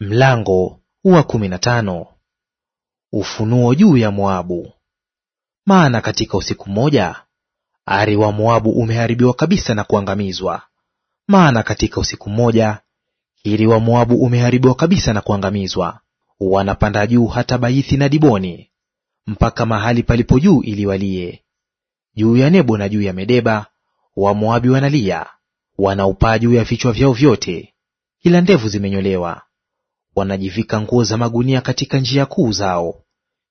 Mlango wa kumi na tano. Ufunuo juu ya Moabu. Maana katika usiku mmoja ari wa Moabu umeharibiwa kabisa na kuangamizwa. Maana katika usiku mmoja kiri wa Moabu umeharibiwa kabisa na kuangamizwa. Wanapanda juu hata Baithi na Diboni, mpaka mahali palipo juu iliwalie. Juu ya Nebo na juu ya Medeba wa Moabi wanalia, wanaupaa juu ya vichwa vyao vyote, kila ndevu zimenyolewa Wanajivika nguo za magunia katika njia kuu zao,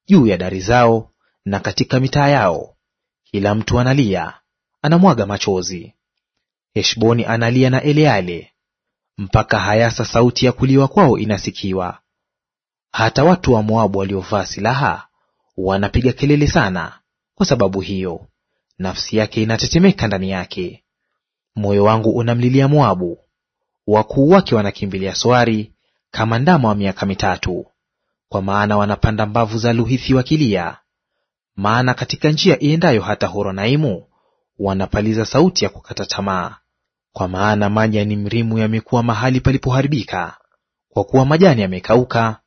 juu ya dari zao na katika mitaa yao; kila mtu analia, anamwaga machozi. Heshboni analia na Eleale, mpaka Hayasa sauti ya kuliwa kwao inasikiwa. Hata watu wa Moabu waliovaa silaha wanapiga kelele sana kwa sababu hiyo; nafsi yake inatetemeka ndani yake. Moyo wangu unamlilia Moabu, wakuu wake wanakimbilia Soari kama ndama wa miaka mitatu, kwa maana wanapanda mbavu za Luhithi wakilia, maana katika njia iendayo hata Horonaimu wanapaliza sauti ya kukata tamaa. Kwa maana maji ya Nimrimu yamekuwa mahali palipoharibika, kwa kuwa majani yamekauka,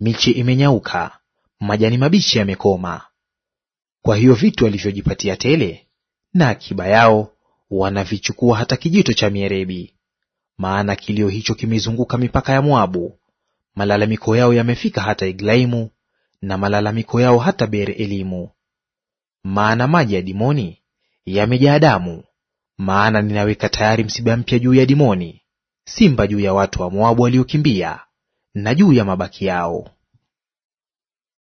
miche imenyauka, majani mabichi yamekoma. Kwa hiyo vitu walivyojipatia tele na akiba yao wanavichukua hata kijito cha mierebi maana kilio hicho kimezunguka mipaka ya Moabu, malalamiko yao yamefika hata Eglaimu, na malalamiko yao hata Beer-elimu. Maana maji ya Dimoni yamejaa damu, maana ninaweka tayari msiba mpya juu ya Dimoni, simba juu ya watu wa Moabu waliokimbia, na juu ya mabaki yao.